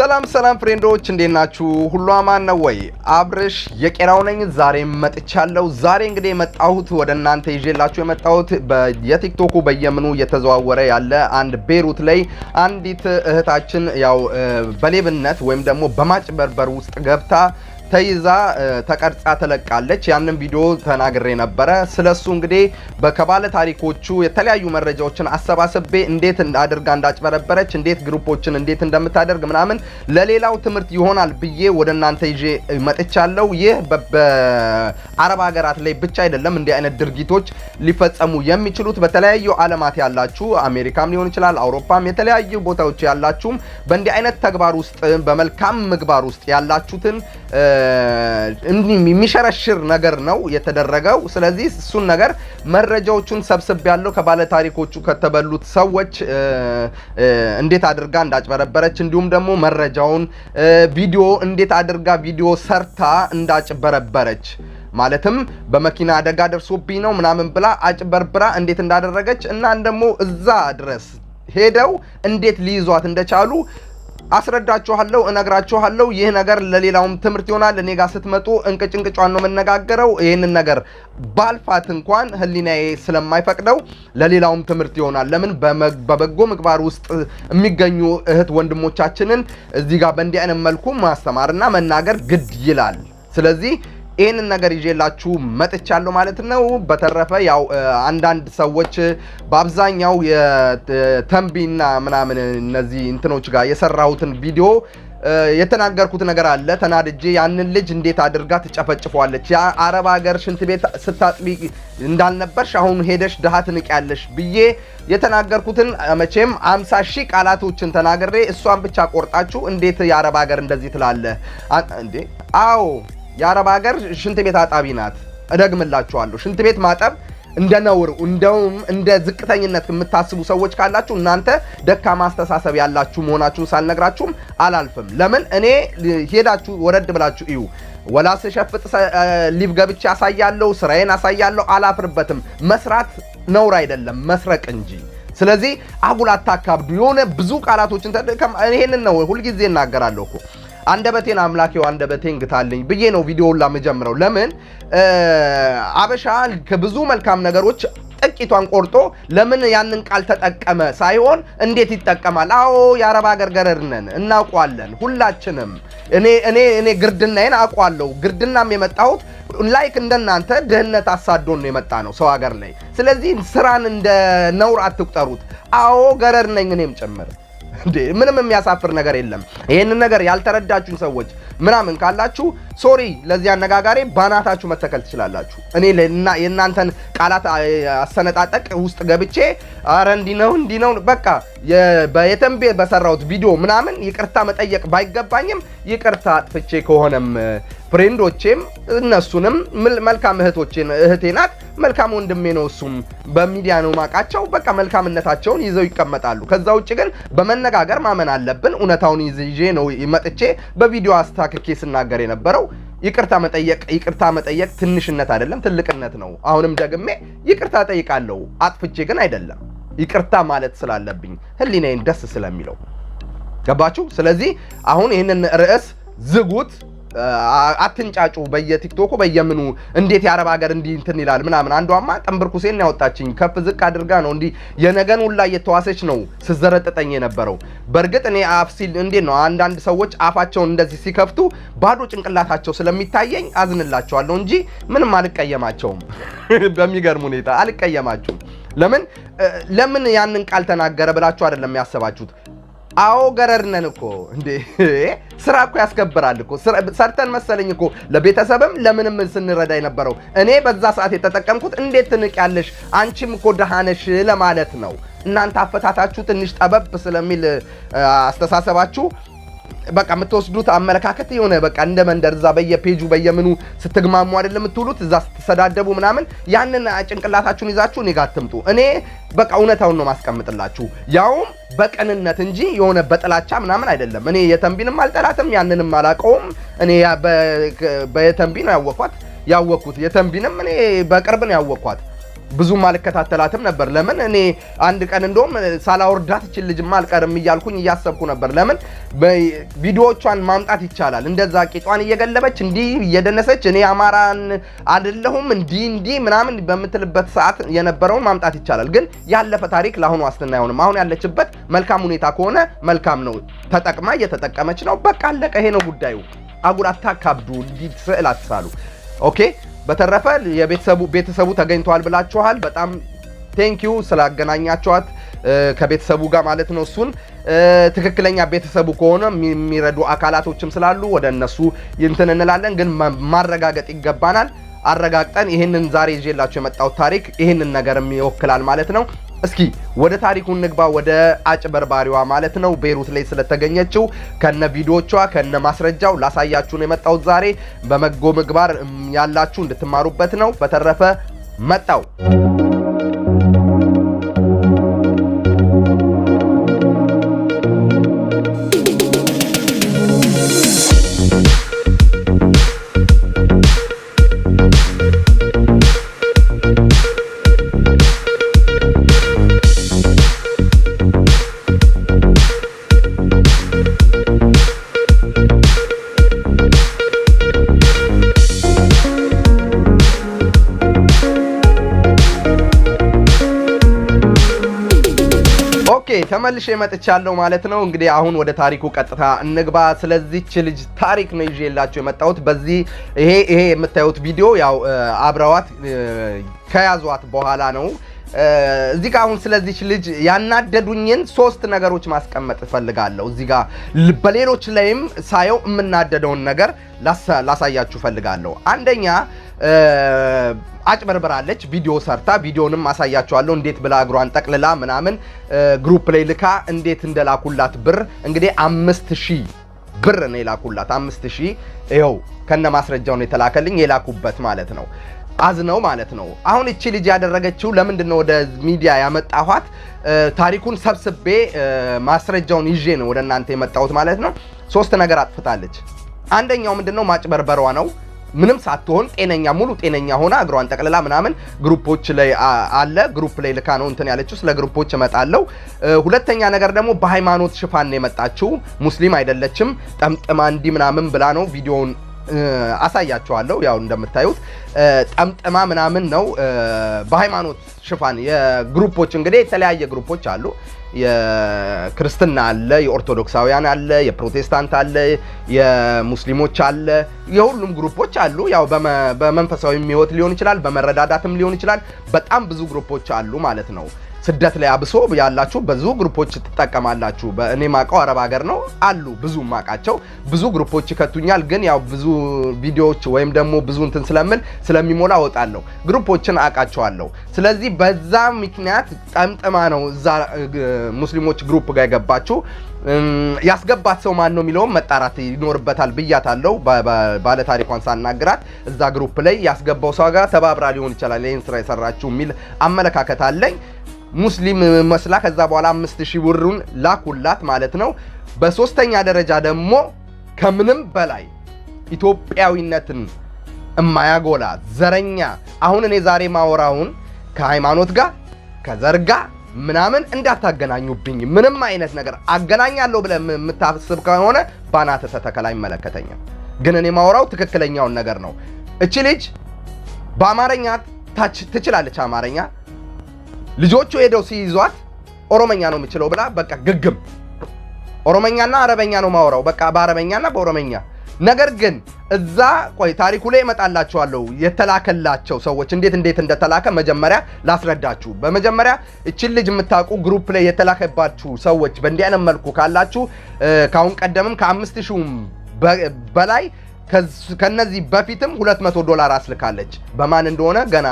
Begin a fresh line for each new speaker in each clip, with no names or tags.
ሰላም ሰላም ፍሬንዶች እንዴት ናችሁ? ሁሉ አማን ነው ወይ? አብርሽ የቄራው ነኝ። ዛሬ መጥቻለሁ። ዛሬ እንግዲህ የመጣሁት ወደ እናንተ ይዤላችሁ የመጣሁት የቲክቶኩ በየምኑ እየተዘዋወረ ያለ አንድ ቤሩት ላይ አንዲት እህታችን ያው በሌብነት ወይም ደግሞ በማጭበርበር ውስጥ ገብታ ተይዛ ተቀርጻ ተለቃለች። ያንን ቪዲዮ ተናግሬ ነበረ። ስለሱ እንግዲህ ከባለ ታሪኮቹ የተለያዩ መረጃዎችን አሰባስቤ እንዴት አድርጋ እንዳጭበረበረች፣ እንዴት ግሩፖችን እንዴት እንደምታደርግ ምናምን ለሌላው ትምህርት ይሆናል ብዬ ወደ እናንተ ይዤ መጥቻለሁ። ይህ በአረብ ሀገራት ላይ ብቻ አይደለም እንዲህ አይነት ድርጊቶች ሊፈጸሙ የሚችሉት በተለያዩ አለማት ያላችሁ አሜሪካም ሊሆን ይችላል አውሮፓም የተለያዩ ቦታዎች ያላችሁም በእንዲህ አይነት ተግባር ውስጥ በመልካም ምግባር ውስጥ ያላችሁትን የሚሸረሽር ነገር ነው የተደረገው። ስለዚህ እሱን ነገር መረጃዎቹን ሰብስብ ያለው ከባለ ታሪኮቹ ከተበሉት ሰዎች እንዴት አድርጋ እንዳጭበረበረች እንዲሁም ደግሞ መረጃውን ቪዲዮ እንዴት አድርጋ ቪዲዮ ሰርታ እንዳጭበረበረች ማለትም በመኪና አደጋ ደርሶብኝ ነው ምናምን ብላ አጭበርብራ እንዴት እንዳደረገች እና ደግሞ እዛ ድረስ ሄደው እንዴት ሊይዟት እንደቻሉ አስረዳችኋለሁ፣ እነግራችኋለሁ። ይህ ነገር ለሌላውም ትምህርት ይሆናል። እኔ ጋር ስትመጡ እንቅጭ ነው የምነጋገረው። ይህንን ነገር ባልፋት እንኳን ህሊናዬ ስለማይፈቅደው ለሌላውም ትምህርት ይሆናል። ለምን በበጎ ምግባር ውስጥ የሚገኙ እህት ወንድሞቻችንን እዚህ ጋር በእንዲህ አይነት መልኩ ማስተማርና መናገር ግድ ይላል። ስለዚህ ይህንን ነገር ይዤላችሁ መጥቻለሁ ማለት ነው። በተረፈ ያው አንዳንድ ሰዎች በአብዛኛው የተንቢና ምናምን እነዚህ እንትኖች ጋር የሰራሁትን ቪዲዮ የተናገርኩት ነገር አለ። ተናድጄ ያንን ልጅ እንዴት አድርጋ ትጨፈጭፏለች የአረብ ሀገር ሽንት ቤት ስታጥቢ እንዳልነበርሽ አሁን ሄደሽ ድሃ ትንቅያለሽ ብዬ የተናገርኩትን መቼም አምሳ ሺህ ቃላቶችን ተናግሬ እሷን ብቻ ቆርጣችሁ እንዴት የአረብ ሀገር እንደዚህ ትላለህ? አዎ የአረብ ሀገር ሽንት ቤት አጣቢ ናት። እደግምላችኋለሁ፣ ሽንት ቤት ማጠብ እንደ ነውር እንደውም እንደ ዝቅተኝነት የምታስቡ ሰዎች ካላችሁ እናንተ ደካማ አስተሳሰብ ያላችሁ መሆናችሁን ሳልነግራችሁም አላልፍም። ለምን እኔ ሄዳችሁ ወረድ ብላችሁ እዩ። ወላ ስሸፍጥ ሊቭ ገብቼ አሳያለሁ፣ ስራዬን አሳያለሁ፣ አላፍርበትም። መስራት ነውር አይደለም መስረቅ እንጂ። ስለዚህ አጉል አታካብዱ። የሆነ ብዙ ቃላቶችን ይሄንን ነው ሁልጊዜ እናገራለሁ እኮ አንደበቴን አምላኬው አንደበቴን ግታልኝ ብዬ ነው ቪዲዮውን ላመጀምረው። ለምን አበሻ ከብዙ መልካም ነገሮች ጥቂቷን ቆርጦ ለምን ያንን ቃል ተጠቀመ ሳይሆን እንዴት ይጠቀማል። አዎ የአረብ ሀገር ገረድ ነን እናውቋለን፣ ሁላችንም። እኔ እኔ እኔ ግርድናዬን አውቋለሁ። ግርድናም የመጣሁት ላይክ እንደናንተ ድህነት አሳዶን ነው የመጣ ነው ሰው ሀገር ላይ። ስለዚህ ስራን እንደ ነውር አትቁጠሩት። አዎ ገረድ ነኝ እኔም ጭምር። ምንም የሚያሳፍር ነገር የለም። ይህንን ነገር ያልተረዳችሁኝ ሰዎች ምናምን ካላችሁ ሶሪ ለዚህ አነጋጋሪ ባናታችሁ መተከል ትችላላችሁ። እኔ የእናንተን ቃላት አሰነጣጠቅ ውስጥ ገብቼ አረ እንዲህ ነው እንዲህ ነው በቃ በየተንቤ በሰራሁት ቪዲዮ ምናምን ይቅርታ መጠየቅ ባይገባኝም ይቅርታ አጥፍቼ ከሆነም ፍሬንዶቼም እነሱንም መልካም እህቶቼን እህቴ ናት፣ መልካም ወንድሜ ነው። እሱም በሚዲያ ነው ማቃቸው። በቃ መልካምነታቸውን ይዘው ይቀመጣሉ። ከዛ ውጭ ግን በመነጋገር ማመን አለብን። እውነታውን ይዤ ነው መጥቼ በቪዲዮ አስታ አብራክኬ ስናገር የነበረው ይቅርታ መጠየቅ ይቅርታ መጠየቅ ትንሽነት አይደለም፣ ትልቅነት ነው። አሁንም ደግሜ ይቅርታ ጠይቃለሁ፣ አጥፍቼ ግን አይደለም። ይቅርታ ማለት ስላለብኝ ህሊናዬን ደስ ስለሚለው ገባችሁ። ስለዚህ አሁን ይህንን ርዕስ ዝጉት። አትንጫጩ በየቲክቶኩ በየምኑ እንዴት የአረብ ሀገር እንዲህ እንትን ይላል ምናምን። አንዷማ ጠንብርኩሴን ያወጣችኝ ከፍ ዝቅ አድርጋ ነው እንዲህ የነገን ሁላ እየተዋሰች ነው ስዘረጥጠኝ የነበረው። በእርግጥ እኔ አፍ ሲል እንዴት ነው አንዳንድ ሰዎች አፋቸውን እንደዚህ ሲከፍቱ ባዶ ጭንቅላታቸው ስለሚታየኝ አዝንላቸዋለሁ እንጂ ምንም አልቀየማቸውም። በሚገርም ሁኔታ አልቀየማችሁም። ለምን ለምን ያንን ቃል ተናገረ ብላችሁ አይደለም ያሰባችሁት አዎ ገረርነን እኮ እንዴ! ስራ እኮ ያስከብራል እኮ ሰርተን መሰለኝ እኮ ለቤተሰብም ለምንም ስንረዳ የነበረው። እኔ በዛ ሰዓት የተጠቀምኩት እንዴት ትንቅ ያለሽ አንቺም እኮ ደሃነሽ ለማለት ነው። እናንተ አፈታታችሁ ትንሽ ጠበብ ስለሚል አስተሳሰባችሁ በቃ የምትወስዱት አመለካከት የሆነ በቃ እንደ መንደር እዛ በየፔጁ በየምኑ ስትግማሙ አይደለም የምትውሉት፣ እዛ ስትሰዳደቡ ምናምን ያንን ጭንቅላታችሁን ይዛችሁ እኔ ጋር አትምጡ። እኔ በቃ እውነታውን ነው ማስቀምጥላችሁ፣ ያውም በቅንነት እንጂ የሆነ በጥላቻ ምናምን አይደለም። እኔ የተንቢንም አልጠላትም፣ ያንንም አላቀውም። እኔ በየተንቢ ነው ያወኳት ያወኩት የተንቢንም እኔ በቅርብ ነው ያወኳት ብዙም አልከታተላትም ነበር። ለምን እኔ አንድ ቀን እንደውም ሳላወርዳት ይችል ልጅማ አልቀርም እያልኩኝ እያሰብኩ ነበር። ለምን ቪዲዮዎቿን ማምጣት ይቻላል። እንደዛ ቂጧን እየገለበች እንዲህ እየደነሰች እኔ አማራን አይደለሁም እንዲህ እንዲህ ምናምን በምትልበት ሰዓት የነበረውን ማምጣት ይቻላል። ግን ያለፈ ታሪክ ለአሁኑ ዋስትና አይሆንም። አሁን ያለችበት መልካም ሁኔታ ከሆነ መልካም ነው። ተጠቅማ እየተጠቀመች ነው። በቃ አለቀ። ይሄ ነው ጉዳዩ። አጉር አታካብዱ። ስዕል አትሳሉ። ኦኬ በተረፈ ቤተሰቡ ተገኝተዋል ብላችኋል። በጣም ቴንኪዩ ስላገናኛችኋት ከቤተሰቡ ጋር ማለት ነው። እሱን ትክክለኛ ቤተሰቡ ከሆነ የሚረዱ አካላቶችም ስላሉ ወደ እነሱ ይንትን እንላለን፣ ግን ማረጋገጥ ይገባናል። አረጋግጠን ይህንን ዛሬ ይዤላቸው የመጣው ታሪክ ይህንን ነገርም ይወክላል ማለት ነው። እስኪ ወደ ታሪኩ እንግባ። ወደ አጭበርባሪዋ ማለት ነው ቤሩት ላይ ስለተገኘችው ከነ ቪዲዮቿ ከነ ማስረጃው ላሳያችሁን የመጣሁት ዛሬ። በመጎ ምግባር ያላችሁ እንድትማሩበት ነው። በተረፈ መጣው ኦኬ ተመልሼ መጥቻለሁ ማለት ነው። እንግዲህ አሁን ወደ ታሪኩ ቀጥታ እንግባ። ስለዚች ልጅ ታሪክ ነው ይዤላችሁ የመጣሁት። በዚህ ይሄ ይሄ የምታዩት ቪዲዮ ያው አብረዋት ከያዟት በኋላ ነው። እዚህ ጋር አሁን ስለዚች ልጅ ያናደዱኝን ሶስት ነገሮች ማስቀመጥ እፈልጋለሁ። እዚህ ጋር በሌሎች ላይም ሳየው የምናደደውን ነገር ላሳያችሁ እፈልጋለሁ። አንደኛ አጭበርበራለች ቪዲዮ ሰርታ ቪዲዮንም አሳያቸዋለሁ እንዴት ብላ እግሯን ጠቅልላ ምናምን ግሩፕ ላይ ልካ እንዴት እንደላኩላት ብር እንግዲህ አምስት ሺህ ብር ነው የላኩላት። አምስት ሺህ ይኸው ከነ ማስረጃው ነው የተላከልኝ የላኩበት ማለት ነው። አዝነው ማለት ነው። አሁን እቺ ልጅ ያደረገችው ለምንድን ነው ወደ ሚዲያ ያመጣኋት? ታሪኩን ሰብስቤ ማስረጃውን ይዤ ነው ወደ እናንተ የመጣሁት ማለት ነው። ሶስት ነገር አጥፍታለች። አንደኛው ምንድነው ማጭበርበሯ ነው። ምንም ሳትሆን ጤነኛ ሙሉ ጤነኛ ሆና እግሯን ጠቅልላ ምናምን ግሩፖች ላይ አለ ግሩፕ ላይ ልካ ነው እንትን ያለችው። ስለ ግሩፖች እመጣለሁ። ሁለተኛ ነገር ደግሞ በሃይማኖት ሽፋን ነው የመጣችው። ሙስሊም አይደለችም። ጠምጥማ እንዲ ምናምን ብላ ነው ቪዲዮውን አሳያችኋለሁ። ያው እንደምታዩት ጠምጥማ ምናምን ነው በሃይማኖት ሽፋን የግሩፖች እንግዲህ የተለያየ ግሩፖች አሉ የክርስትና አለ፣ የኦርቶዶክሳውያን አለ፣ የፕሮቴስታንት አለ፣ የሙስሊሞች አለ፣ የሁሉም ግሩፖች አሉ። ያው በመንፈሳዊ ህይወት ሊሆን ይችላል፣ በመረዳዳትም ሊሆን ይችላል። በጣም ብዙ ግሩፖች አሉ ማለት ነው። ስደት ላይ አብሶ ያላችሁ ብዙ ግሩፖች ትጠቀማላችሁ። በእኔ ማቀው አረብ ሀገር ነው አሉ ብዙ ማቃቸው ብዙ ግሩፖች ይከቱኛል። ግን ያው ብዙ ቪዲዮዎች ወይም ደግሞ ብዙ እንትን ስለምል ስለሚሞላ እወጣለሁ፣ ግሩፖችን አቃቸዋለሁ። ስለዚህ በዛ ምክንያት ጠምጥማ ነው እዛ ሙስሊሞች ግሩፕ ጋር የገባችሁ። ያስገባት ሰው ማን ነው የሚለውም መጣራት ይኖርበታል ብያታለሁ። ባለታሪኳን ሳናግራት እዛ ግሩፕ ላይ ያስገባው ሰው ጋር ተባብራ ሊሆን ይችላል ይህን ስራ የሰራችሁ የሚል አመለካከት አለኝ። ሙስሊም መስላ ከዛ በኋላ አምስት ሺህ ብሩን ላኩላት ማለት ነው። በሶስተኛ ደረጃ ደግሞ ከምንም በላይ ኢትዮጵያዊነትን እማያጎላ ዘረኛ አሁን እኔ ዛሬ ማወራውን ከሃይማኖት ጋር ከዘር ጋር ምናምን እንዳታገናኙብኝ። ምንም አይነት ነገር አገናኛለሁ ብለህ የምታስብ ከሆነ ባናተ ሰተከላ ይመለከተኛል። ግን እኔ ማወራው ትክክለኛውን ነገር ነው። እቺ ልጅ በአማርኛ ትችላለች አማርኛ ልጆቹ ሄደው ሲይዟት ኦሮመኛ ነው የምችለው ብላ በቃ ግግም ኦሮመኛና አረበኛ ነው ማወራው በቃ በአረበኛና በኦሮመኛ ነገር ግን እዛ ቆይ ታሪኩ ላይ እመጣላችኋለሁ። የተላከላቸው ሰዎች እንዴት እንዴት እንደተላከ መጀመሪያ ላስረዳችሁ። በመጀመሪያ እችን ልጅ የምታውቁ ግሩፕ ላይ የተላከባችሁ ሰዎች በእንዲህ አይነት መልኩ ካላችሁ ከአሁን ቀደምም ከአምስት ሺውም በላይ ከነዚህ በፊትም 200 ዶላር አስልካለች። በማን እንደሆነ ገና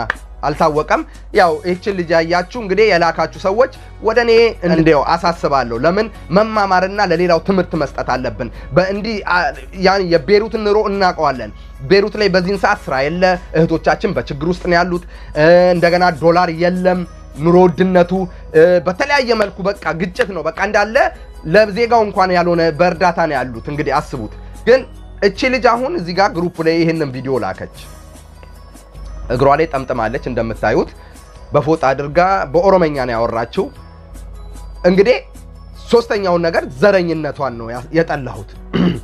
አልታወቀም። ያው ይህችን ልጅ ያያችሁ እንግዲህ የላካችሁ ሰዎች ወደ እኔ እንዲው አሳስባለሁ። ለምን መማማርና ለሌላው ትምህርት መስጠት አለብን። በእንዲህ ያን የቤሩትን ኑሮ እናውቀዋለን። ቤሩት ላይ በዚህን ሰዓት ስራ የለ፣ እህቶቻችን በችግር ውስጥ ነው ያሉት። እንደገና ዶላር የለም፣ ኑሮ ውድነቱ በተለያየ መልኩ በቃ ግጭት ነው። በቃ እንዳለ ለዜጋው እንኳን ያልሆነ በእርዳታ ነው ያሉት። እንግዲህ አስቡት። ግን እቺ ልጅ አሁን እዚህ ጋር ግሩፕ ላይ ይህንን ቪዲዮ ላከች። እግሯ ላይ ጠምጥማለች። እንደምታዩት በፎጣ አድርጋ በኦሮመኛ ነው ያወራችው። እንግዲህ ሶስተኛውን ነገር ዘረኝነቷን ነው የጠላሁት።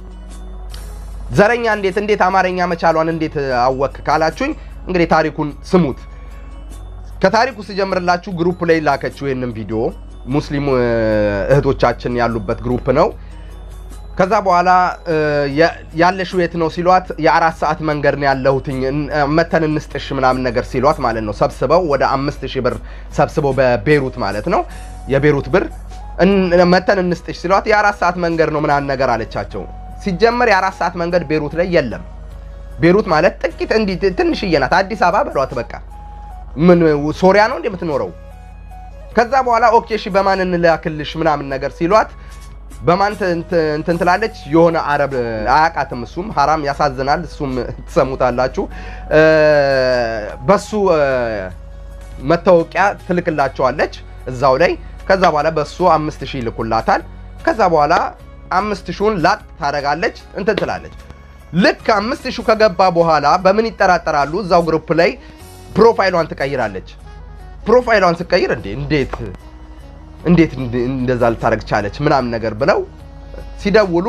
ዘረኛ እንዴት እንዴት አማርኛ መቻሏን እንዴት አወክ ካላችሁኝ እንግዲህ ታሪኩን ስሙት። ከታሪኩ ስጀምርላችሁ ግሩፕ ላይ ላከችው ይህንን ቪዲዮ ሙስሊም እህቶቻችን ያሉበት ግሩፕ ነው። ከዛ በኋላ ያለሽው የት ነው ሲሏት የአራት ሰዓት መንገድ ነው ያለሁትኝ መተን እንስጥሽ ምናምን ነገር ሲሏት ማለት ነው። ሰብስበው ወደ አምስት ሺህ ብር ሰብስበው በቤሩት ማለት ነው የቤሩት ብር መተን እንስጥሽ ሲሏት የአራት ሰዓት መንገድ ነው ምናምን ነገር አለቻቸው። ሲጀመር የአራት ሰዓት መንገድ ቤሩት ላይ የለም። ቤሩት ማለት ጥቂት እንዲህ ትንሽዬ ናት። አዲስ አበባ በሏት በቃ ምን ሶሪያ ነው እንደምትኖረው የምትኖረው። ከዛ በኋላ ኦኬ እሺ በማን እንላክልሽ ምናምን ነገር ሲሏት በማን እንትን ትላለች የሆነ አረብ አያቃትም። እሱም ሀራም ያሳዝናል። እሱም ትሰሙታላችሁ። በሱ መታወቂያ ትልክላቸዋለች እዛው ላይ። ከዛ በኋላ በሱ አምስት ሺህ ይልኩላታል። ከዛ በኋላ አምስት ሺውን ላጥ ታደርጋለች እንትን ትላለች። ልክ አምስት ሺው ከገባ በኋላ በምን ይጠራጠራሉ? እዛው ግሩፕ ላይ ፕሮፋይሏን ትቀይራለች። ፕሮፋይሏን ስትቀይር እንዴ እንዴት እንዴት እንደዛ ልታደረግ ቻለች ምናምን ነገር ብለው ሲደውሉ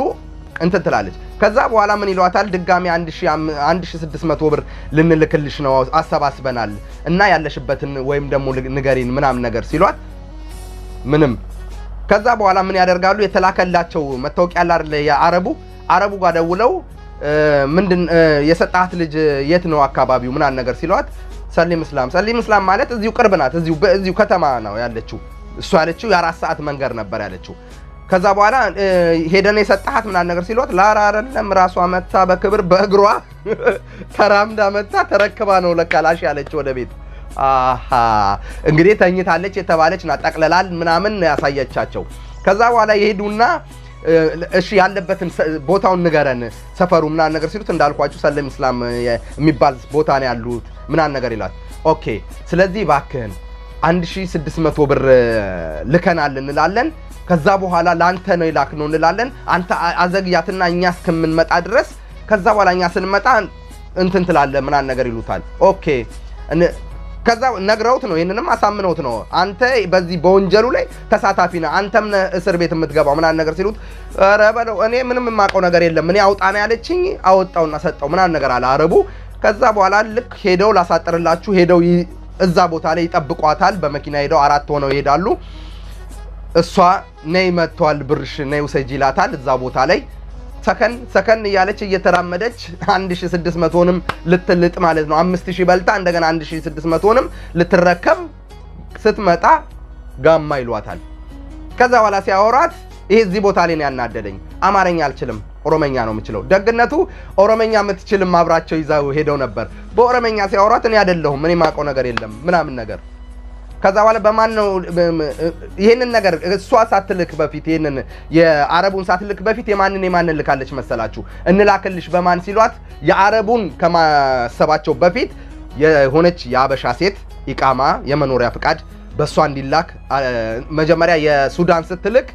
እንትን ትላለች። ከዛ በኋላ ምን ይሏታል? ድጋሚ 1600 ብር ልንልክልሽ ነው አሰባስበናል እና ያለሽበትን ወይም ደግሞ ንገሪን ምናምን ነገር ሲሏት ምንም። ከዛ በኋላ ምን ያደርጋሉ? የተላከላቸው መታወቂያ ያለ የአረቡ አረቡ ጋር ደውለው ምንድን የሰጣት ልጅ የት ነው አካባቢው ምናምን ነገር ሲሏት ሰሊም እስላም ሰሊም እስላም ማለት እዚሁ ቅርብ ናት፣ እዚሁ ከተማ ነው ያለችው እሷ ያለችው የአራት ሰዓት መንገድ ነበር ያለችው። ከዛ በኋላ ሄደን የሰጠሃት ምናምን ነገር ሲሏት ላራ አይደለም ራሷ መታ በክብር በእግሯ ተራምዳ መታ ተረክባ ነው ለካላሽ ያለችው ወደ ቤት። አሃ እንግዲህ ተኝታለች የተባለች ና ጠቅለላል ምናምን ያሳየቻቸው። ከዛ በኋላ የሄዱና እሺ ያለበትን ቦታውን ንገረን ሰፈሩ ምናምን ነገር ሲሉት እንዳልኳችሁ ሰለም ኢስላም የሚባል ቦታ ነው ያሉት ምናምን ነገር ይላል። ኦኬ ስለዚህ እባክህን 1600 ብር ልከናል እንላለን። ከዛ በኋላ ለአንተ ነው ነው እንላለን። አንተ አዘግያትና እኛ እስከምንመጣ ድረስ ከዛ በኋላ እኛ ስንመጣ እንትን ትላለህ ምናምን ነገር ይሉታል። ኦኬ ከዛ ነግረውት ነው ይህንንም አሳምነውት ነው አንተ በዚህ በወንጀሉ ላይ ተሳታፊ ነህ፣ አንተም እስር ቤት የምትገባው ምናምን ነገር ሲሉት፣ ኧረ በለው እኔ ምንም የማውቀው ነገር የለም እኔ አውጣ ነው ያለችኝ አወጣውና ሰጠው ምናምን ነገር አለ አረቡ። ከዛ በኋላ ልክ ሄደው ላሳጥርላችሁ ሄደው እዛ ቦታ ላይ ይጠብቋታል። በመኪና ሄደው አራት ሆነው ይሄዳሉ። እሷ ነይ መጥቷል፣ ብርሽ ነይ ውሰጅ ይላታል። እዛ ቦታ ላይ ሰከን ሰከን እያለች እየተራመደች 1600ንም ልትልጥ ማለት ነው። 5000 በልታ እንደገና 1600ንም ልትረከብ ስትመጣ ጋማ ይሏታል። ከዛ በኋላ ሲያወራት ይሄ እዚህ ቦታ ላይ ነው ያናደደኝ፣ አማርኛ አልችልም ኦሮመኛ ነው የምችለው። ደግነቱ ኦሮመኛ የምትችልም አብራቸው ይዘው ሄደው ነበር። በኦሮመኛ ሲያወራት እኔ አይደለሁም እኔ ማውቀው ነገር የለም ምናምን ነገር ከዛ በኋላ በማን ነው ይህንን ነገር እሷ ሳትልክ በፊት ይህንን የአረቡን ሳትልክ በፊት የማንን የማንን ልካለች መሰላችሁ? እንላክልሽ በማን ሲሏት የአረቡን ከማሰባቸው በፊት የሆነች የአበሻ ሴት ኢቃማ የመኖሪያ ፍቃድ በእሷ እንዲላክ መጀመሪያ የሱዳን ስትልክ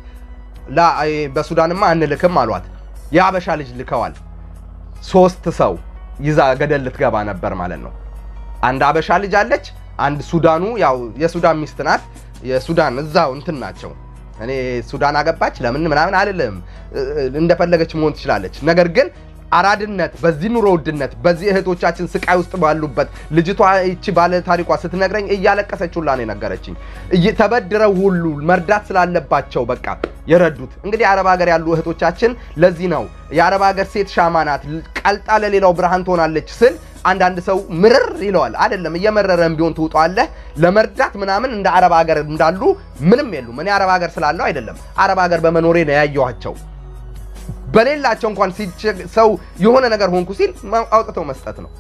በሱዳንማ አንልክም አሏት። የአበሻ ልጅ ልከዋል። ሶስት ሰው ይዛ ገደል ልትገባ ነበር ማለት ነው። አንድ አበሻ ልጅ አለች። አንድ ሱዳኑ ያው የሱዳን ሚስት ናት። የሱዳን እዛው እንትን ናቸው። እኔ ሱዳን አገባች ለምን ምናምን አልልም፣ እንደፈለገች መሆን ትችላለች። ነገር ግን አራድነት በዚህ ኑሮ ውድነት በዚህ እህቶቻችን ስቃይ ውስጥ ባሉበት ልጅቷ ይቺ ባለ ታሪኳ ስትነግረኝ እያለቀሰች ሁላ ነው የነገረችኝ። ተበድረው ሁሉ መርዳት ስላለባቸው በቃ የረዱት እንግዲህ የአረብ ሀገር ያሉ እህቶቻችን ለዚህ ነው የአረብ ሀገር ሴት ሻማ ናት፣ ቀልጣ ለሌላው ብርሃን ትሆናለች ስል አንዳንድ ሰው ምርር ይለዋል። አይደለም እየመረረን ቢሆን ትውጠዋለህ ለመርዳት ምናምን። እንደ አረብ ሀገር እንዳሉ ምንም የሉም። እኔ አረብ ሀገር ስላለው አይደለም፣ አረብ ሀገር በመኖሬ ነው ያየኋቸው። በሌላቸው እንኳን ሰው የሆነ ነገር ሆንኩ ሲል አውጥተው መስጠት ነው።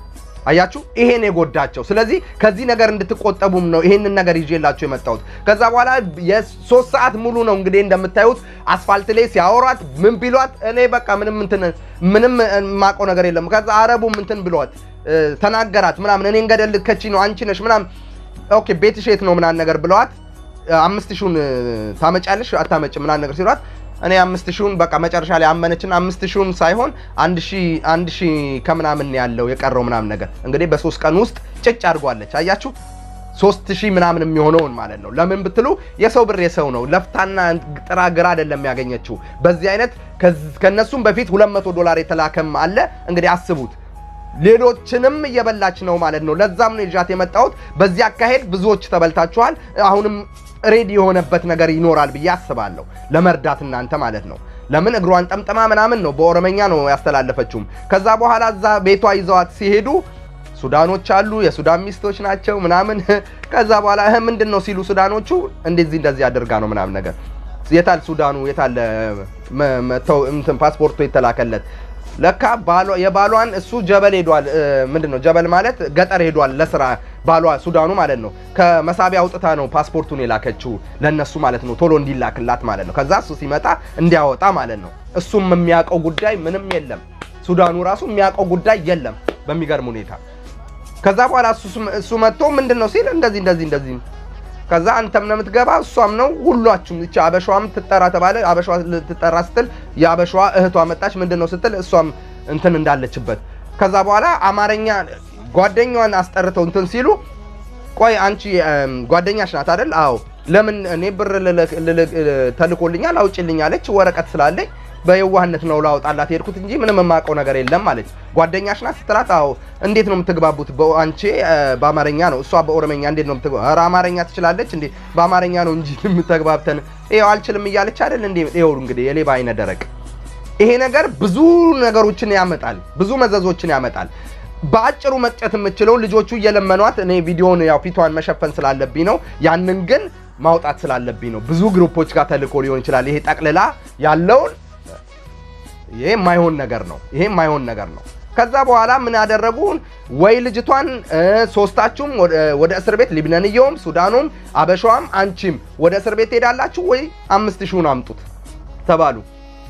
አያችሁ፣ ይሄን የጎዳቸው። ስለዚህ ከዚህ ነገር እንድትቆጠቡም ነው ይሄንን ነገር ይዤላቸው የመጣሁት። ከዛ በኋላ የሶስት ሰዓት ሙሉ ነው እንግዲህ እንደምታዩት አስፋልት ላይ ሲያወሯት ምን ቢሏት፣ እኔ በቃ ምንም እንትን ምንም የማውቀው ነገር የለም። ከዛ አረቡ ምንትን ብሏት ተናገራት ምናምን፣ እኔ እንገደል ከቺ ነው አንቺ ነሽ ምናምን፣ ኦኬ ቤትሽ የት ነው ምናምን ነገር ብለዋት፣ አምስት ሺውን ታመጫለሽ አታመጭ ምናምን ነገር ሲሏት እኔ አምስት ሺውን በቃ መጨረሻ ላይ አመነችን። አምስት ሺውን ሳይሆን አንድ ሺ አንድ ሺ ከምናምን ያለው የቀረው ምናምን ነገር እንግዲህ በሶስት ቀን ውስጥ ጭጭ አድርጓለች። አያችሁ ሶስት ሺህ ምናምን የሚሆነውን ማለት ነው። ለምን ብትሉ የሰው ብር የሰው ነው። ለፍታና ጥራ ግራ አይደለም ያገኘችው። በዚህ አይነት ከነሱም በፊት 200 ዶላር የተላከም አለ። እንግዲህ አስቡት ሌሎችንም እየበላች ነው ማለት ነው። ለዛም ነው ይዣት የመጣሁት። በዚህ አካሄድ ብዙዎች ተበልታችኋል። አሁንም ሬዲ የሆነበት ነገር ይኖራል ብዬ አስባለሁ፣ ለመርዳት እናንተ ማለት ነው። ለምን እግሯን ጠምጠማ ምናምን ነው፣ በኦሮመኛ ነው ያስተላለፈችውም። ከዛ በኋላ እዛ ቤቷ ይዘዋት ሲሄዱ ሱዳኖች አሉ፣ የሱዳን ሚስቶች ናቸው ምናምን። ከዛ በኋላ ምንድን ነው ሲሉ ሱዳኖቹ እንደዚህ እንደዚህ አድርጋ ነው ምናምን ነገር የታል ሱዳኑ የታል ፓስፖርቱ የተላከለት ለካ የባሏን እሱ ጀበል ሄዷል። ምንድን ነው ጀበል ማለት ገጠር ሄዷል ለስራ ባሏ ሱዳኑ ማለት ነው። ከመሳቢያ አውጥታ ነው ፓስፖርቱን የላከችው ለነሱ ማለት ነው፣ ቶሎ እንዲላክላት ማለት ነው። ከዛ እሱ ሲመጣ እንዲያወጣ ማለት ነው። እሱም የሚያውቀው ጉዳይ ምንም የለም። ሱዳኑ ራሱ የሚያውቀው ጉዳይ የለም በሚገርም ሁኔታ። ከዛ በኋላ እሱ መጥቶ ምንድን ነው ሲል እንደዚህ እንደዚህ እንደዚህ ከዛ አንተም ነው የምትገባ፣ እሷም ነው ሁሏችሁም። ይቺ አበሻዋም ትጠራ ተባለ። አበሻዋ ልትጠራ ስትል የአበሻዋ እህቷ መጣች። ምንድን ነው ስትል እሷም እንትን እንዳለችበት። ከዛ በኋላ አማርኛ ጓደኛዋን አስጠርተው እንትን ሲሉ ቆይ አንቺ ጓደኛሽ ናት አይደል? አዎ። ለምን እኔ ብር ተልኮልኛል አውጭልኝ አለች፣ ወረቀት ስላለኝ በየዋህነት ነው ላውጣላት ሄድኩት እንጂ ምንም የማውቀው ነገር የለም አለች። ጓደኛሽ ናት ስትላት፣ አዎ። እንዴት ነው የምትግባቡት? አንቺ በአማርኛ ነው እሷ በኦሮመኛ እንዴት ነው የምትግባ? ኧረ አማርኛ ትችላለች እንዴ? በአማርኛ ነው እንጂ የምተግባብተን። ይኸው አልችልም እያለች አይደል እንዴ? ይኸው እንግዲህ የሌባ አይነ ደረቅ ይሄ ነገር ብዙ ነገሮችን ያመጣል፣ ብዙ መዘዞችን ያመጣል። በአጭሩ መቅጨት የምችለው ልጆቹ እየለመኗት እኔ ቪዲዮን ያው ፊቷን መሸፈን ስላለብኝ ነው፣ ያንን ግን ማውጣት ስላለብኝ ነው። ብዙ ግሩፖች ጋር ተልኮ ሊሆን ይችላል። ይሄ ጠቅልላ ያለውን ይሄ የማይሆን ነገር ነው። ይሄ የማይሆን ነገር ነው። ከዛ በኋላ ምን ያደረጉ ወይ ልጅቷን ሶስታችሁም ወደ እስር ቤት ሊብነንየውም፣ ሱዳኑም፣ አበሻዋም አንቺም ወደ እስር ቤት ትሄዳላችሁ ወይ አምስት ሺውን አምጡት ተባሉ።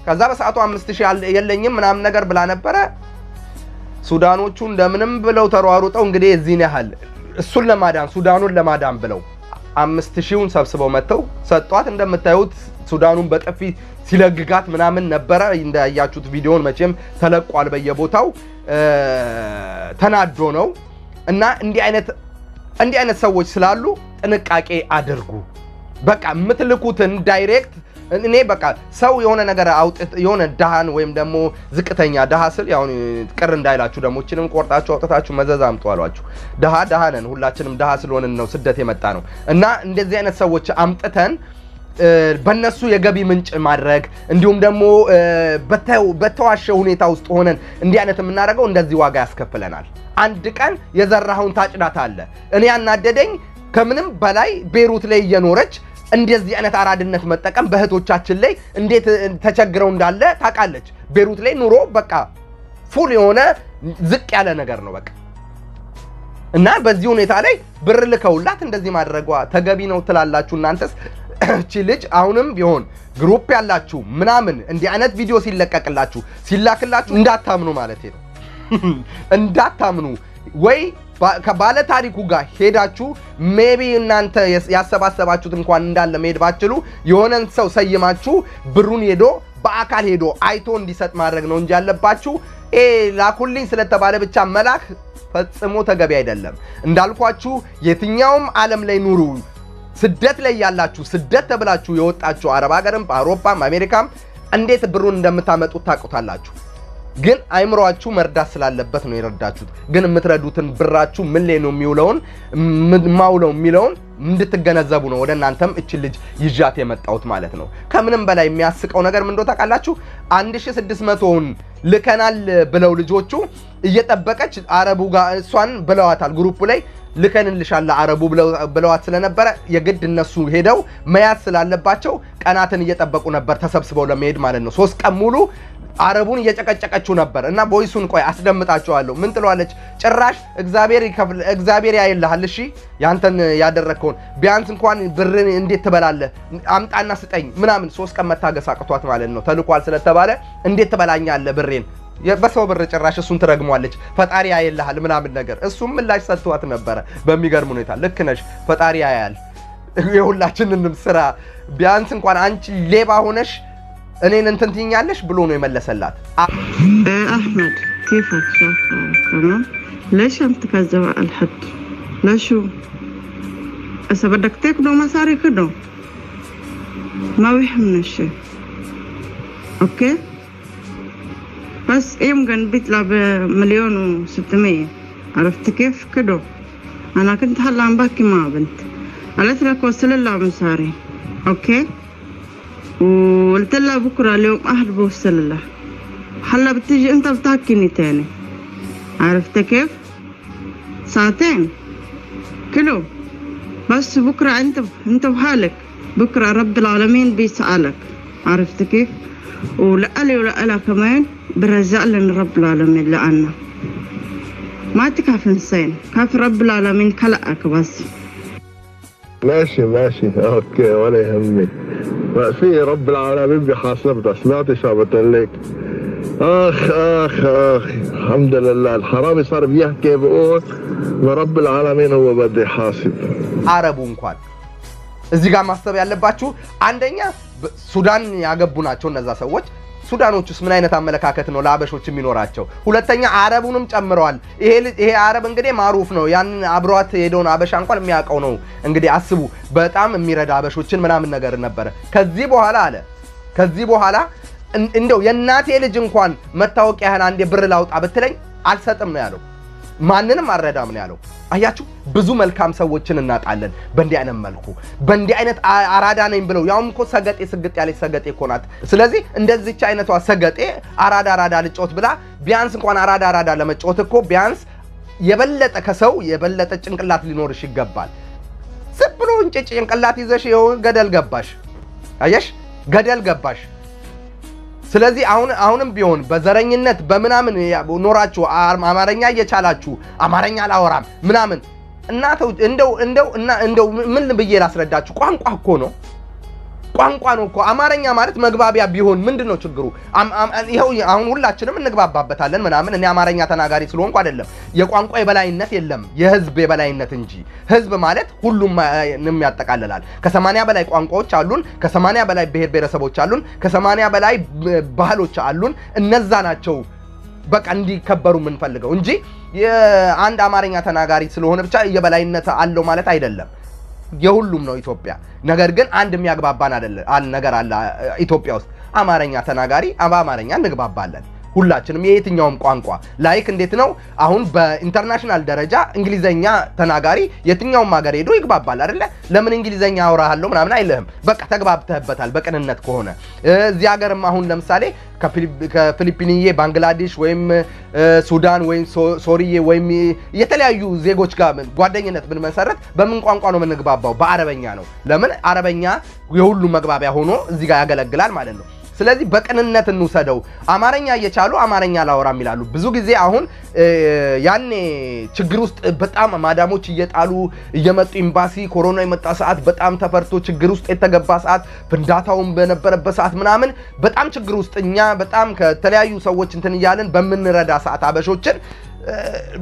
ከዛ በሰዓቱ አምስት ሺህ የለኝም ምናምን ነገር ብላ ነበረ። ሱዳኖቹ እንደምንም ብለው ተሯሩጠው እንግዲህ የዚህን ያህል እሱን ለማዳን ሱዳኑን ለማዳን ብለው አምስት ሺውን ሰብስበው መጥተው ሰጧት። እንደምታዩት ሱዳኑን በጥፊ ሲለግጋት ምናምን ነበረ። እንዳያችሁት ቪዲዮን መቼም ተለቋል በየቦታው ተናዶ ነው። እና እንዲህ አይነት ሰዎች ስላሉ ጥንቃቄ አድርጉ። በቃ የምትልኩትን ዳይሬክት እኔ በቃ ሰው የሆነ ነገር አውጥት የሆነ ድሃን ወይም ደግሞ ዝቅተኛ ድሃ ስል ያሁን ቅር እንዳይላችሁ ደግሞ ችንም ቆርጣችሁ አውጥታችሁ መዘዝ አምጡ አሏችሁ። ድሃ ድሃ ነን ሁላችንም ድሃ ስለሆንን ነው ስደት የመጣ ነው እና እንደዚህ አይነት ሰዎች አምጥተን በነሱ የገቢ ምንጭ ማድረግ እንዲሁም ደግሞ በተዋሸ ሁኔታ ውስጥ ሆነን እንዲህ አይነት የምናደርገው እንደዚህ ዋጋ ያስከፍለናል። አንድ ቀን የዘራኸውን ታጭዳት አለ። እኔ ያናደደኝ ከምንም በላይ ቤሩት ላይ እየኖረች እንደዚህ አይነት አራድነት መጠቀም በእህቶቻችን ላይ እንዴት ተቸግረው እንዳለ ታውቃለች። ቤሩት ላይ ኑሮ በቃ ፉል የሆነ ዝቅ ያለ ነገር ነው በቃ እና በዚህ ሁኔታ ላይ ብር ልከውላት እንደዚህ ማድረጓ ተገቢ ነው ትላላችሁ እናንተስ? እቺ ልጅ አሁንም ቢሆን ግሩፕ ያላችሁ ምናምን እንዲህ አይነት ቪዲዮ ሲለቀቅላችሁ ሲላክላችሁ እንዳታምኑ ማለት ነው። እንዳታምኑ ወይ ከባለ ታሪኩ ጋር ሄዳችሁ ሜቢ እናንተ ያሰባሰባችሁት እንኳን እንዳለ መሄድ ባችሉ የሆነን ሰው ሰይማችሁ ብሩን ሄዶ በአካል ሄዶ አይቶ እንዲሰጥ ማድረግ ነው እንጂ ያለባችሁ ላኩልኝ ስለተባለ ብቻ መላክ ፈጽሞ ተገቢ አይደለም። እንዳልኳችሁ የትኛውም ዓለም ላይ ኑሩ ስደት ላይ ያላችሁ ስደት ተብላችሁ የወጣችሁ አረብ ሀገርም በአውሮፓ አሜሪካም እንዴት ብሩን እንደምታመጡት ታውቁታላችሁ። ግን አይምሯችሁ መርዳት ስላለበት ነው የረዳችሁት። ግን የምትረዱትን ብራችሁ ምን ላይ ነው የሚውለውን ማውለው የሚለውን እንድትገነዘቡ ነው ወደ እናንተም እችን ልጅ ይዣት የመጣሁት ማለት ነው። ከምንም በላይ የሚያስቀው ነገር ምን ታውቃላችሁ? 1600ውን ልከናል ብለው ልጆቹ እየጠበቀች አረቡ ጋር እሷን ብለዋታል ግሩፕ ላይ ልከንልሻለ አረቡ ብለዋት ስለነበረ የግድ እነሱ ሄደው መያዝ ስላለባቸው ቀናትን እየጠበቁ ነበር ተሰብስበው ለመሄድ ማለት ነው። ሶስት ቀን ሙሉ አረቡን እየጨቀጨቀችው ነበር እና ቦይሱን ቆይ አስደምጣችኋለሁ። ምን ትለዋለች? ጭራሽ እግዚአብሔር ይከፍል እግዚአብሔር ያይልሃል። እሺ ያንተን ያደረግከውን ቢያንስ እንኳን ብርን እንዴት ትበላለህ? አምጣና ስጠኝ ምናምን። ሶስት ቀን መታገስ አቅቷት ማለት ነው። ተልኳል ስለተባለ እንዴት ትበላኛለህ ብሬን በሰው ብር ጭራሽ እሱን ትረግሟለች። ፈጣሪ ያየልሃል ምናምን ነገር እሱም ምላሽ ሰጥቷት ነበረ። በሚገርም ሁኔታ ልክ ነሽ፣ ፈጣሪ ያያል የሁላችንንም ስራ። ቢያንስ እንኳን አንቺ ሌባ ሆነሽ እኔን እንትን ትኛለሽ ብሎ ነው የመለሰላት።
አህመድ كيفك شاف تمام ليش عم تكذب على الحد لشو هسه بدك تاكلوا مصاري بس يمكن بيطلع بمليون وستمية عرفت كيف كدو أنا كنت هلا عم بحكي مع بنت قالت لك وصل لها مصاري أوكي وقلت لها بكرة اليوم أحد بوصل لها هلا بتيجي أنت بتحكيني تاني عرفت كيف ساعتين كلو بس بكرة أنت أنت وحالك بكرة رب العالمين بيسألك عرفت كيف ولألي ولألا كمان برجع لنا رب العالمين لأنا ما تكاف إنسان كاف رب العالمين خلقك بس
ماشي ماشي اوكي ولا يهمك في رب العالمين بيحاسبنا سمعت شو لك اخ اخ اخ الحمد لله الحرامي صار بيحكي بقول ورب العالمين هو بده يحاسب
عرب ونكوان እዚህ ጋር ማሰብ ያለባችሁ አንደኛ ሱዳን ያገቡ ናቸው እነዛ ሰዎች። ሱዳኖች ውስጥ ምን አይነት አመለካከት ነው ለአበሾች የሚኖራቸው? ሁለተኛ አረቡንም ጨምረዋል። ይሄ አረብ እንግዲህ ማሩፍ ነው፣ ያን አብሯት የሄደውን አበሻ እንኳን የሚያውቀው ነው። እንግዲህ አስቡ፣ በጣም የሚረዳ አበሾችን ምናምን ነገር ነበረ። ከዚህ በኋላ አለ ከዚህ በኋላ እንደው የእናቴ ልጅ እንኳን መታወቂያ አንዴ ብር ላውጣ ብትለኝ አልሰጥም ነው ያለው። ማንንም አረዳም ነው ያለው። አያችሁ ብዙ መልካም ሰዎችን እናጣለን በእንዲህ አይነት መልኩ በእንዲህ አይነት አራዳ ነኝ ብለው ያውም እኮ ሰገጤ ስግጥ ያለች ሰገጤ እኮ ናት። ስለዚህ እንደዚች አይነቷ ሰገጤ አራዳ አራዳ ልጮት ብላ ቢያንስ እንኳን አራዳ አራዳ ለመጮት እኮ ቢያንስ የበለጠ ከሰው የበለጠ ጭንቅላት ሊኖርሽ ይገባል። ዝም ብሎ እንጭጭ ጭንቅላት ይዘሽ ገደል ገባሽ። አየሽ ገደል ገባሽ። ስለዚህ አሁን አሁንም ቢሆን በዘረኝነት በምናምን ኖራችሁ አማርኛ እየቻላችሁ አማርኛ አላወራም ምናምን እናተው እንደው እንደው እና እንደው ምን ብዬ ላስረዳችሁ ቋንቋ እኮ ነው። ቋንቋ ነው እኮ አማርኛ ማለት መግባቢያ ቢሆን ምንድን ነው ችግሩ? ይኸው አሁን ሁላችንም እንግባባበታለን ምናምን። እኔ አማርኛ ተናጋሪ ስለሆንኩ አይደለም። የቋንቋ የበላይነት የለም፣ የህዝብ የበላይነት እንጂ። ህዝብ ማለት ሁሉንም ያጠቃልላል። ከሰማንያ በላይ ቋንቋዎች አሉን። ከሰማንያ በላይ ብሔር ብሔረሰቦች አሉን። ከሰማንያ በላይ ባህሎች አሉን። እነዛ ናቸው በቃ እንዲከበሩ የምንፈልገው እንጂ አንድ አማርኛ ተናጋሪ ስለሆነ ብቻ የበላይነት አለው ማለት አይደለም። የሁሉም ነው ኢትዮጵያ። ነገር ግን አንድ የሚያግባባን ነገር አለ ኢትዮጵያ ውስጥ አማርኛ ተናጋሪ በአማርኛ እንግባባለን። ሁላችንም የየትኛውም ቋንቋ ላይክ እንዴት ነው አሁን በኢንተርናሽናል ደረጃ እንግሊዘኛ ተናጋሪ የትኛውም ሀገር ሄዶ ይግባባል አይደለ? ለምን እንግሊዘኛ አውራሃለሁ ምናምን አይልህም። በቃ ተግባብተህበታል በቅንነት ከሆነ። እዚህ ሀገርም አሁን ለምሳሌ ከፊሊፒንዬ፣ ባንግላዴሽ ወይም ሱዳን ወይም ሶሪዬ ወይም የተለያዩ ዜጎች ጋር ጓደኝነት ብንመሰረት በምን ቋንቋ ነው የምንግባባው? በአረበኛ ነው። ለምን አረበኛ የሁሉ መግባቢያ ሆኖ እዚህ ጋር ያገለግላል ማለት ነው። ስለዚህ በቅንነት እንውሰደው። አማርኛ እየቻሉ አማርኛ ላወራም ይላሉ። ብዙ ጊዜ አሁን ያኔ ችግር ውስጥ በጣም ማዳሞች እየጣሉ እየመጡ ኤምባሲ ኮሮና የመጣ ሰዓት በጣም ተፈርቶ ችግር ውስጥ የተገባ ሰዓት ፍንዳታውን በነበረበት ሰዓት ምናምን በጣም ችግር ውስጥ እኛ በጣም ከተለያዩ ሰዎች እንትን እያለን በምንረዳ ሰዓት አበሾችን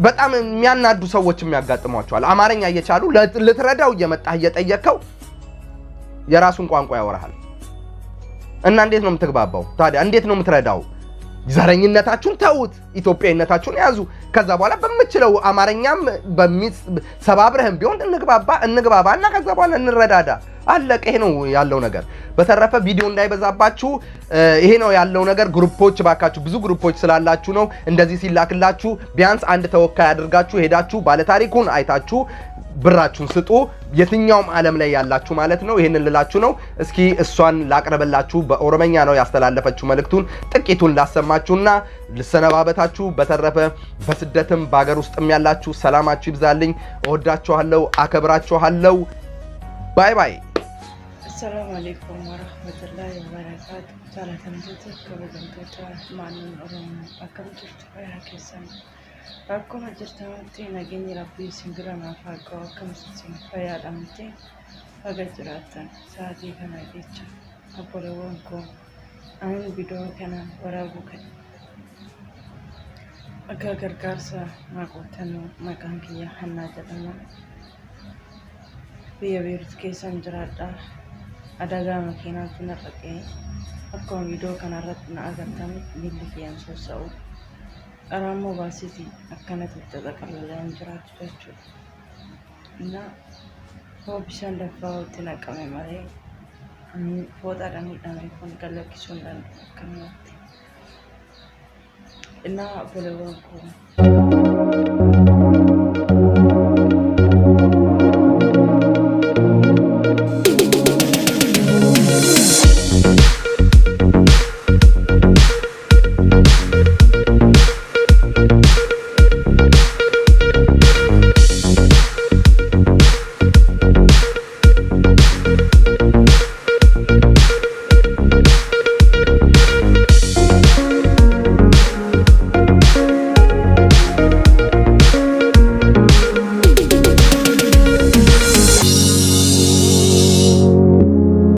በጣም የሚያናዱ ሰዎች የሚያጋጥሟቸዋል። አማርኛ እየቻሉ ልትረዳው እየመጣህ እየጠየቅከው የራሱን ቋንቋ ያወራሃል። እና እንዴት ነው የምትግባባው ታዲያ? እንዴት ነው የምትረዳው? ዘረኝነታችሁን ተዉት፣ ኢትዮጵያዊነታችሁን ያዙ። ከዛ በኋላ በምችለው አማርኛም በሚሰባብረህም ቢሆን እንግባባ እንግባባ እና ከዛ በኋላ እንረዳዳ። አለቀ። ይሄ ነው ያለው ነገር። በተረፈ ቪዲዮ እንዳይበዛባችሁ ይሄ ነው ያለው ነገር። ግሩፖች ባካችሁ፣ ብዙ ግሩፖች ስላላችሁ ነው እንደዚህ ሲላክላችሁ፣ ቢያንስ አንድ ተወካይ አድርጋችሁ ሄዳችሁ ባለታሪኩን አይታችሁ ብራችሁን ስጡ። የትኛውም ዓለም ላይ ያላችሁ ማለት ነው። ይህንን ልላችሁ ነው። እስኪ እሷን ላቅርብላችሁ። በኦሮመኛ ነው ያስተላለፈችው መልእክቱን፣ ጥቂቱን ላሰማችሁና ልሰነባበታችሁ። በተረፈ በስደትም በሀገር ውስጥም ያላችሁ ሰላማችሁ ይብዛልኝ። እወዳችኋለሁ፣ አከብራችኋለሁ። ባይ ባይ።
አሰላሙ አሌይኩም ወረህመቱላሂ ወበረካቱ jaalatamtoota akka bagantoota maanan oromoo akkam jirtu fayyaa keessan akkuma jirtanitti nageenyi rabbii isin bira naaf haa qabu akkamas isin fayyaadhamte haga jiraattan sa'aatii kana jecha obbolewwan koo ani bidoo kana waraabuu kan akka gargaarsa maaqootanuu maqaan kiyya hannaa jedhama biyya beerut keessan jiraadhaa Adagaa makiinatu naqaqee akkuma viidiyoo kanarratti na agartanitti miilli kiyya hin socho'u. Qarammoo baasitii akkanatti itti xaxaqallaan jiraatu jechuudha. Innaa yoo bishaan danfaa walitti naqame malee fooxaadhaan hidhamee kun galakkisuu hin danda'u akkanumatti. Innaa obboleewwan koo.